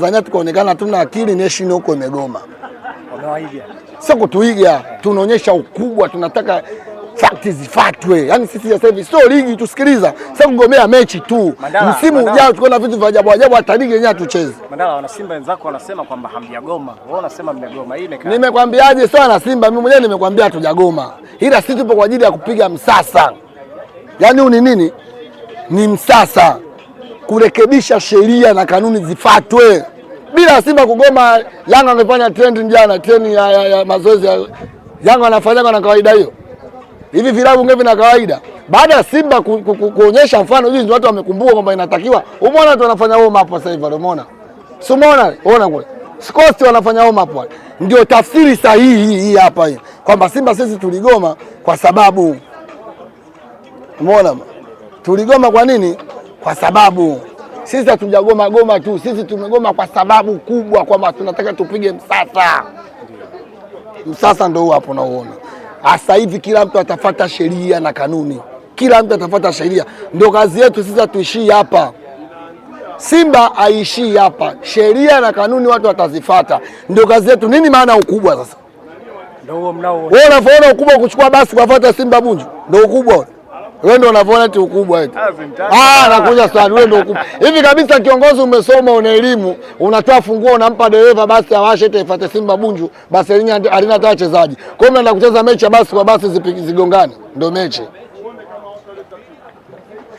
kufanya tukaonekana tuna akili, nation huko imegoma. Sio kutuiga, tunaonyesha ukubwa, tunataka fakti zifatwe. Yani sisi sasa hivi sio ligi, tusikiliza, Sasa kugomea mechi tu. Msimu ujao tukiona vitu vya ajabu ajabu, hata ligi yenyewe hatuchezi. Mandala, wana Simba wenzako wanasema kwamba hamjagoma, wao wanasema mmegoma. Hii imekaa, nimekwambiaje? Sio na Simba, mimi mwenyewe nimekwambia hatujagoma, ila sisi tupo kwa ajili ya kupiga msasa. Yani huu ni nini? Ni msasa kurekebisha sheria na kanuni zifatwe, bila Simba kugoma. Yanga amefanya trend jana, treni ya, ya, ya mazoezi ya Yanga wanafanyaga na kawaida hiyo. Hivi vilabu ngevi na kawaida baada ya Simba ku, ku, ku, kuonyesha mfano hivi, ndio watu wamekumbuka kwamba inatakiwa. Umeona watu wanafanya home hapo sasa hivi, umeona si umeona, unaona kule Scots wanafanya home hapo, ndio tafsiri sahihi hii hapa hii kwamba Simba sisi tuligoma kwa sababu umeona tuligoma kwa nini? kwa sababu sisi hatujagoma goma tu, sisi tumegoma kwa sababu kubwa kwamba tunataka tupige msasa. Msasa ndio huo hapo unaoona sasa hivi, kila mtu atafata sheria na kanuni, kila mtu atafata sheria. Ndio kazi yetu sisi, hatuishii hapa. Simba haishii hapa, sheria na kanuni watu watazifata, ndio kazi yetu. Nini maana ukubwa sasa? Ndio huo mnao wewe unaona ukubwa, kuchukua basi kufuata Simba Bunju, ndio ukubwa wewe ndio unavyoona eti ukubwa eti. Ah, ah nakuja sana wewe ndio ukubwa. Hivi kabisa kiongozi umesoma una elimu, unatoa funguo unampa dereva basi awashe eti ifate Simba Bunju, basi alina alina hata wachezaji. Kwa hiyo mnaenda kucheza mechi ya basi kwa basi zigongane. Ndio mechi.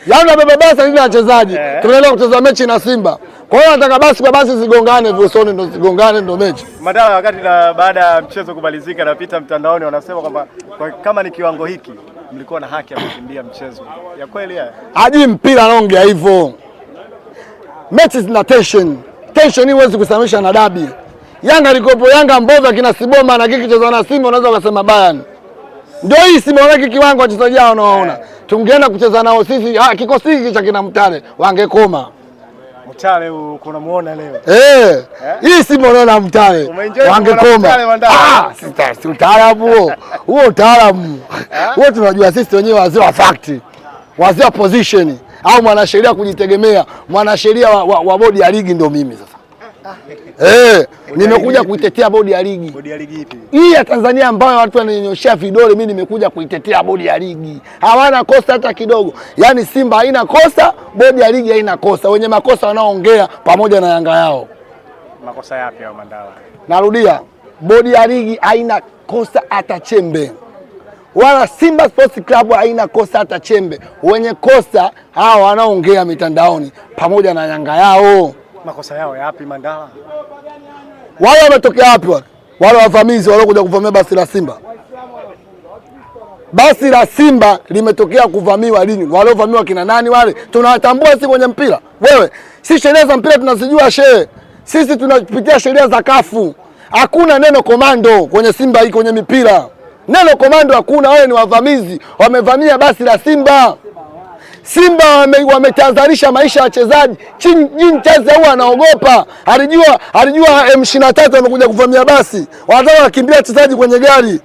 Yaani unabeba basi alina wachezaji. Eh. Tunaenda kucheza mechi na Simba. Kwa hiyo nataka basi kwa basi zigongane vusoni, ndo zigongane ndo mechi madala. Wakati na baada ya mchezo kumalizika, napita mtandaoni, wanasema kwamba kwa, kama ni kiwango hiki mlikuwa na haki ya kukimbia mchezo ya kweli. Hajui mpira anaongea hivyo. Mechi zina tension, tension hii huwezi kusamisha na dabi. Yanga likopo Yanga mbovu akina Siboma na kiki cheza na Simba, unaweza ukasema Bayern ndio hii Simba wake kiwango wachezaji hao unawaona, tungeenda kucheza nao sisi. Ah, kikosi hiki cha kina Mtare wangekoma. Mtale unamuona leo. Eh. eh? Hii Simba unaona Mtale. Wangekoma. Ah, si utaalamu huo. Huo utaalamu. Eh? Huo tunajua sisi wenyewe wazee wa fact. Wazee wa position au mwanasheria kujitegemea, mwanasheria wa, wa, wa bodi ya ligi ndio mimi sasa. Eh, nimekuja kuitetea bodi ya ligi. Bodi ya ligi ipi? Hii ya Tanzania ambayo watu wananyoshea vidole, mimi nimekuja kuitetea bodi ya ligi. Hawana kosa hata kidogo, yaani Simba haina kosa, bodi ya ligi haina kosa. Wenye makosa wanaoongea pamoja na Yanga yao. Makosa yapi hao Mandala? Narudia, bodi ya ligi haina kosa hata chembe wala Simba Sports Club haina kosa hata chembe. Wenye kosa hawa wanaongea mitandaoni pamoja na Yanga yao makosa yao yapi Mandala? Wale wametokea wapi wale? Wale wavamizi waliokuja kuvamia basi la Simba. Basi la Simba limetokea kuvamiwa lini? Waliovamiwa kina nani wale? Tunawatambua sisi kwenye mpira. Wewe, si sheria za mpira tunazijua shehe. Sisi tunapitia sheria za kafu. Hakuna neno komando kwenye Simba hii kwenye mipira. Neno komando hakuna, wale ni wavamizi, wamevamia basi la Simba. Simba wametahadharisha wame maisha ya wachezaji. Jean Charles huwa anaogopa, alijua alijua M23 wamekuja kuvamia basi, wanataka wakimbia wachezaji kwenye gari.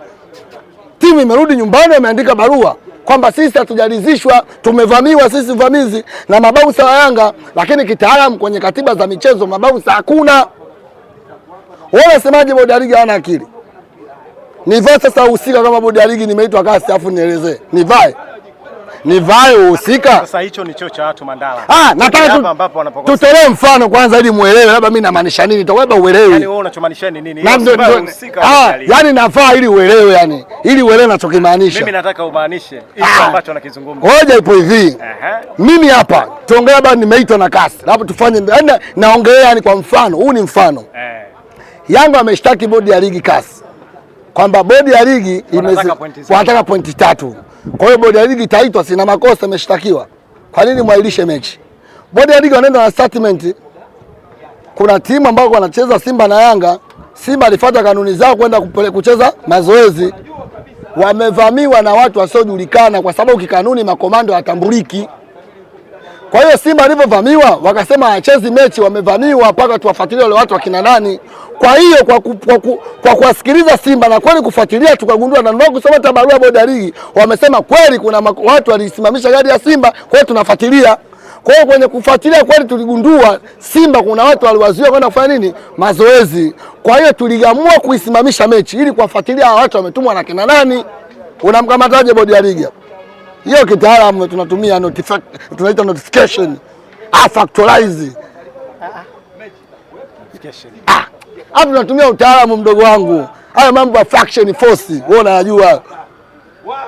Timu imerudi nyumbani, wameandika barua kwamba sisi hatujalizishwa, tumevamiwa sisi vamizi na mabausa wa Yanga, lakini kitaalamu kwenye katiba za michezo mabausa hakuna. Wanasemaje? Bodi ya ligi hawana akili. Nivae sasa, husika kama bodi ya ligi, nimeitwa kasi, afu nielezee nivae nivae uhusika. Sasa hicho ni choo cha watu Mandala. Ah, yaani nataka tu, tutolee mfano kwanza ili muelewe labda mimi namaanisha nini. Toka uelewe. Yaani wewe unachomaanisha ni nini? Ah, yani nafaa ili uelewe yani. Ili uelewe nachokimaanisha. Mimi nataka umaanishe hicho ah, ambacho nakizungumza. Hoja ipo hivi. Mimi hapa tuongee labda nimeitwa na kasi. Labda tufanye yaani naongelea yani kwa mfano, huu ni mfano. Eh. Yanga ameshtaki bodi ya ligi kasi kwamba bodi ya ligi wanataka pointi tatu. Kwa hiyo bodi ya ligi itaitwa, sina makosa, imeshtakiwa. Kwa nini mwailishe mechi? Bodi ya ligi wanaenda na statement. Kuna timu ambao wanacheza Simba na Yanga. Simba alifuata kanuni zao kwenda kucheza mazoezi, wamevamiwa na watu wasiojulikana, kwa sababu kikanuni makomando hatambuliki. Kwa hiyo Simba alivyovamiwa wakasema hachezi mechi, wamevamiwa mpaka tuwafuatilie wale watu wakina nani. Kwa hiyo kwa, ku, kwa, ku, kwa kuwasikiliza Simba na kweli kufuatilia tukagundua, na ndio kusoma hata barua bodi ya ligi wamesema kweli kuna watu walisimamisha gari ya Simba, kwa hiyo tunafuatilia. Kwa hiyo kwenye kufuatilia kweli tuligundua Simba kuna watu waliwazuia kwenda kufanya nini, mazoezi. Kwa hiyo tuligamua kuisimamisha mechi ili kuwafuatilia hao watu wametumwa na kina nani. Unamkamataje bodi ya ligi hapo? hiyo kitaalamu tunatumia tunaita notification ah, factorize ah, hapo tunatumia utaalamu mdogo wangu. Haya mambo ya fraction force wewe unayajua,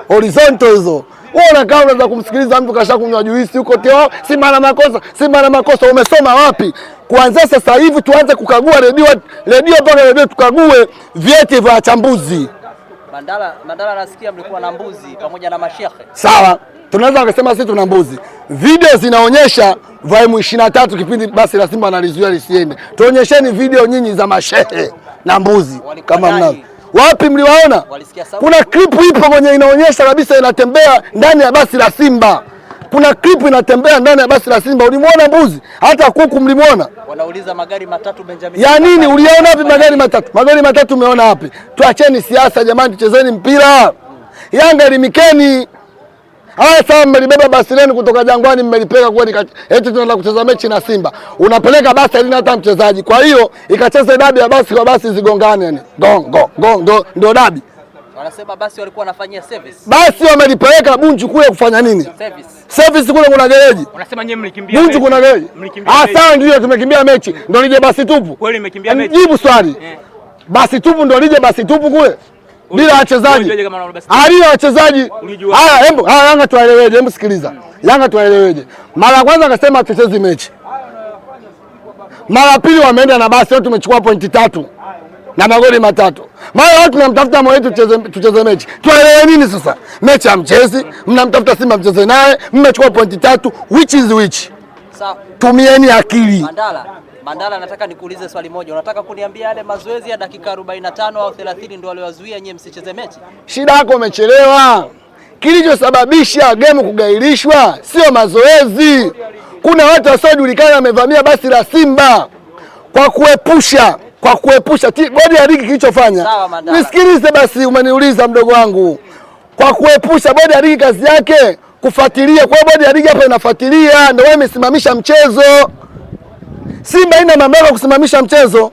horizontal hizo wewe unakaa unaweza kumsikiliza mtu kasha kunywa juisi huko teo, si maana makosa, si maana makosa. Umesoma wapi? Kuanzia sasa hivi tuanze kukagua redio redio mpaka redio tukague vyeti vya wachambuzi. Mandala, Mandala nasikia mlikuwa na mbuzi pamoja na mashehe. Sawa, tunaweza kusema sisi tuna mbuzi. Video zinaonyesha vya M23 kipindi basi la Simba analizuia lisiende. Tuonyesheni video nyinyi za mashehe na mbuzi kama mnazo. Wapi mliwaona? Kuna clip ipo kwenye inaonyesha kabisa inatembea ndani ya basi la Simba kuna klipu inatembea ndani ya basi la Simba. Ulimwona mbuzi? Hata kuku mlimwona? Wanauliza magari matatu Benjamin. Ya nini? Uliona wapi magari matatu? Magari matatu umeona wapi? Tuacheni siasa jamani, tuchezeni mpira. Yanga elimikeni. Haya, sawa, mmelibeba basi lenu kutoka Jangwani, mmelipeleka kweli, eti tunaenda kucheza mechi na Simba, unapeleka basi halina hata mchezaji. Kwa hiyo ikacheze dabi ya basi kwa basi zigongane, yani gongo gongo, ndio dabi. Wanasema basi walikuwa wanafanyia service. Basi wamelipeleka Bunju kule kufanya nini? Service. Service kule kuna gereji. Unasema nyinyi mlikimbia. Bunju kuna gereji. Mlikimbia. Ah, sawa ndio tumekimbia mechi. Ndio lije basi tupu. Kweli mmekimbia yaani, mechi. Jibu swali. Yeah. Basi tupu ndio lije basi tupu kule. Bila wachezaji. Alio ah, wachezaji. Haya, hebu haya Yanga tuwaeleweje? Hebu sikiliza. Yanga tuwaeleweje? Mara kwanza akasema tucheze mechi. Mara pili wameenda na basi, wao tumechukua pointi tatu na magoli matatu. Mara watu tunamtafuta Moe tucheze tucheze mechi. Tuelewe nini sasa? Mechi ya mchezi, mnamtafuta Simba mcheze naye, mmechukua pointi tatu which is which. Sawa. Tumieni akili. Mandala. Mandala, nataka nikuulize swali moja. Unataka kuniambia yale mazoezi ya dakika 45 au 30 ndio waliwazuia nyie msicheze mechi? Shida yako umechelewa. Kilichosababisha game kugairishwa sio mazoezi. Kuna watu wasiojulikana wamevamia basi la Simba kwa kuepusha kwa kuepusha bodi ya ligi kilichofanya. Nisikilize basi, umeniuliza mdogo wangu, kwa kuepusha bodi ya ligi kazi yake kufuatilia. Kwa bodi ya ligi hapa inafuatilia, ndio wewe imesimamisha mchezo. Simba ina mamlaka kusimamisha mchezo.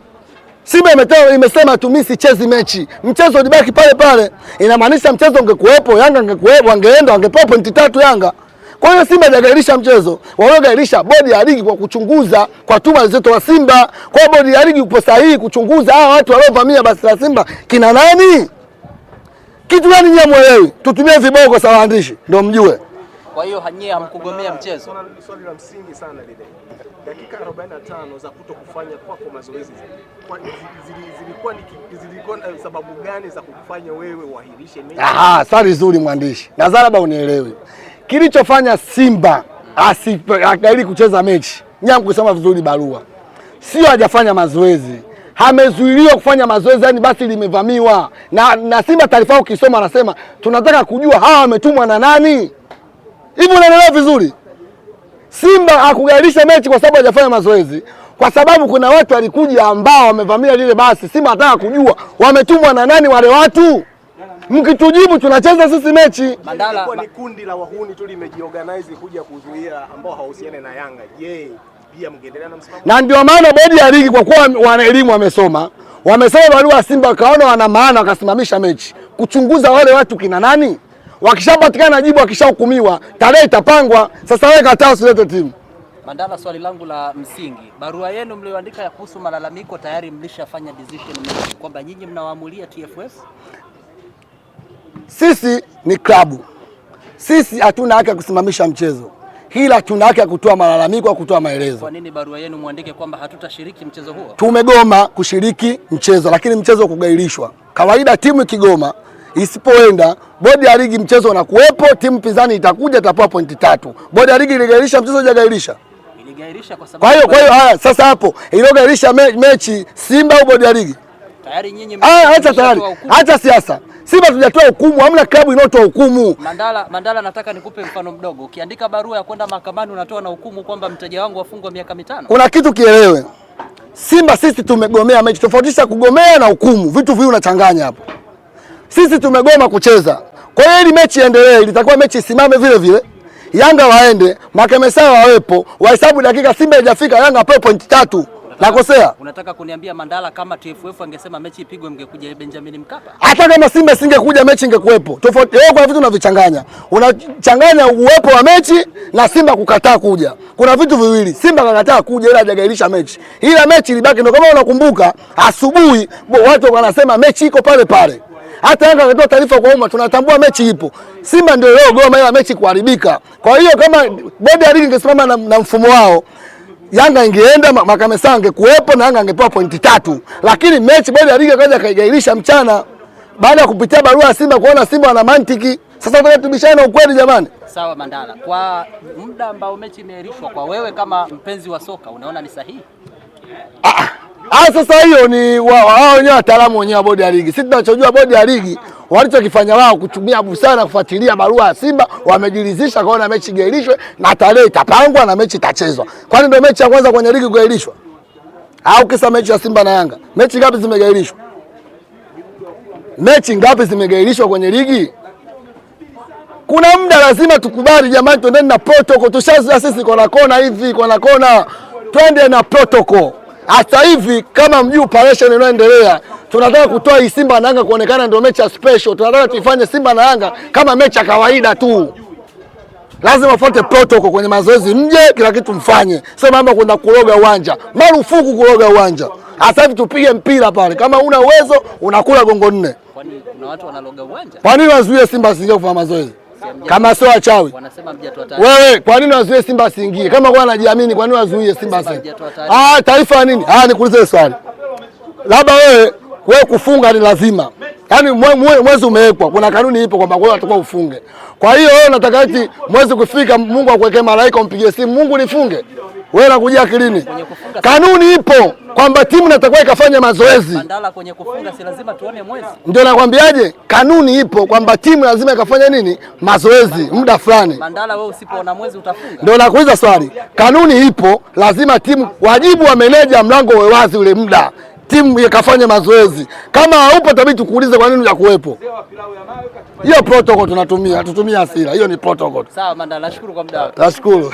Simba imetoa imesema tu mimi sichezi mechi. Mchezo ulibaki pale pale. Inamaanisha mchezo ungekuwepo, Yanga angekuwepo, angeenda, angepewa pointi tatu Yanga. Kwa hiyo Simba hajagairisha mchezo, waliogairisha bodi ya ligi kwa kuchunguza kwa tuma zilizotoa Simba. Kwa hiyo bodi ya ligi upo sahihi kuchunguza hawa watu waliovamia basi la Simba kina nani, kitu gani nyie mwelewi? Tutumie viboko sawa, waandishi ndio mjue. Kwa hiyo hanyie hamkugomea mchezo. Kuna Swali la msingi sana lile, dakika 45 za kuto kutokufanya kwako mazoezi kwa zilikuwa ni zilikuwa sababu gani za kukufanya wewe uahirishe mechi? Aha, swali zuri mwandishi, nadhani labda unielewe. Kilichofanya Simba asikaili kucheza mechi, nyam kusema vizuri barua, sio hajafanya mazoezi, amezuiliwa kufanya mazoezi, yani basi limevamiwa na, na Simba. Taarifa yao ukisoma, anasema tunataka kujua hawa wametumwa na nani. Hivi unaelewa vizuri? Simba hakugailisha mechi kwa sababu hajafanya mazoezi, kwa sababu kuna watu walikuja ambao wamevamia lile basi. Simba anataka kujua wametumwa na nani wale watu mkitujibu tunacheza sisi mechi. Mandala ni kundi la wahuni tu limejiorganize kuja kuzuia ambao hawahusiane na Yanga. Je, pia mngeendelea na msimamo? Na ndio maana bodi ya ligi kwa kuwa wana elimu wamesoma, wamesoma barua Simba wakaona wana maana wakasimamisha mechi kuchunguza wale watu kina nani. Wakishapatikana jibu, wakishahukumiwa, tarehe itapangwa. Sasa wewe kataa, usilete timu. Mandala, swali langu la msingi, barua yenu mlioandika ya kuhusu malalamiko tayari mlishafanya decision kwamba nyinyi mnawaamulia TFF? Sisi ni klabu, sisi hatuna haki ya kusimamisha mchezo, ila tuna haki ya kutoa malalamiko au kutoa maelezo. Kwa nini barua yenu muandike kwamba hatutashiriki mchezo huo? Tumegoma kushiriki mchezo, lakini mchezo kugairishwa. Kawaida timu ikigoma isipoenda bodi ya ligi, mchezo unakuwepo, timu pinzani itakuja itapewa pointi tatu. Bodi ya ligi iligairisha mchezo, hajagairisha kwa hiyo kwa hiyo, haya sasa, hapo iliyogairisha mechi Simba au bodi ya ligi? tayari nyinyi ah, acha tayari, acha siasa. Simba tujatoa hukumu, hamna klabu inayotoa hukumu. Mandala, Mandala, nataka nikupe mfano mdogo. Ukiandika barua ya kwenda mahakamani unatoa na hukumu kwamba mteja wangu afungwa miaka mitano. Kuna kitu kielewe, Simba sisi tumegomea mechi, tofautisha kugomea na hukumu, vitu viwili unachanganya hapo. Sisi tumegoma kucheza, kwa hiyo ili mechi iendelee, ilitakuwa mechi isimame vile vile Yanga waende, Makemesa wawepo, wahesabu dakika, Simba haijafika, Yanga apewe pointi tatu. Nakosea? Unataka kuniambia Mandala, kama TFF angesema mechi ipigwe mngekuja Benjamin Mkapa? Hata kama Simba singekuja mechi ingekuwepo. Tofauti wewe, kuna vitu unavichanganya. Unachanganya uwepo wa mechi na Simba kukataa kuja. Kuna vitu viwili. Simba kakataa kuja ila hajagairisha mechi. Ila mechi ilibaki, ndio kama unakumbuka asubuhi watu wanasema mechi iko pale pale. Hata Yanga akatoa taarifa kwa umma, tunatambua mechi ipo. Simba ndio leo goma, ila mechi kuharibika. Kwa hiyo kama bodi ya ligi ingesimama na, na mfumo wao Yanga ingeenda Makame Sanga angekuwepo na Yanga angepewa pointi tatu, lakini mechi bodi ya ligi kaja kaigairisha mchana baada ya kupitia barua ya Simba kuona Simba wana mantiki. Sasa vile tubishane ukweli jamani. Sawa Mandala, kwa muda ambao mechi imeahirishwa, kwa wewe kama mpenzi wa soka unaona ni sahihi? Ah, ah. ah sasa hiyo ni wao wenyewe wataalamu wenyewe wa bodi ya ligi. Sisi tunachojua bodi ya ligi Walichokifanya wao kutumia busara kufuatilia barua ya Simba, wamejiridhisha kaona mechi gairishwe na tarehe itapangwa na mechi itachezwa. Kwani ndio mechi ya kwanza kwenye ligi kugairishwa? Au kisa mechi ya Simba na Yanga? Mechi ngapi zimegairishwa? Mechi ngapi zimegairishwa kwenye ligi? Kuna muda lazima tukubali, jamani, twendeni na protocol. Tushazoea sisi kona kona hivi, kona kona, twende na protocol. Hata hivi kama mjuu operation inayoendelea tunataka kutoa hii Simba na Yanga kuonekana ndio mechi ya special. Tunataka tuifanye Simba na Yanga kama mechi ya kawaida tu. Lazima ufuate protocol kwenye mazoezi, mje kila kitu mfanye, sio mambo kwenda kuroga uwanja. Marufuku kuroga uwanja. Hata hivi tupige mpira pale, kama una uwezo unakula gongo nne. Kwani kuna watu wanaloga uwanja? Kwa nini wazuie Simba asiingie kufanya mazoezi? kama sio wachawi. Wewe kwa nini wazuie Simba asiingie? Kama kwa anajiamini, kwa nini wazuie Simba asiingie? Ah, taifa nini? Ah, nikuulize swali, labda wewe wewe kufunga ni lazima, yaani mwezi umewekwa, kuna kanuni ipo kwamba wewe unatakiwa ufunge. Kwa hiyo wewe unataka eti mwezi kufika, Mungu akuwekee malaika umpigie simu, Mungu nifunge wewe unakuja akilini. Kanuni ipo kwamba timu natakuwa ikafanya mazoezi, ndio nakwambiaje, kanuni ipo kwamba timu lazima ikafanya nini, mazoezi muda fulani. Ndio nakuuliza swali, kanuni ipo, lazima timu, wajibu wa meneja mlango uwe wazi ule muda timu ikafanya mazoezi. Kama haupo tabii tukuulize kwa nini kuwepo Hiyo protocol tunatumia, tutumia asira, hiyo ni protocol. Sawa Mandala, nashukuru kwa muda wako. Nashukuru.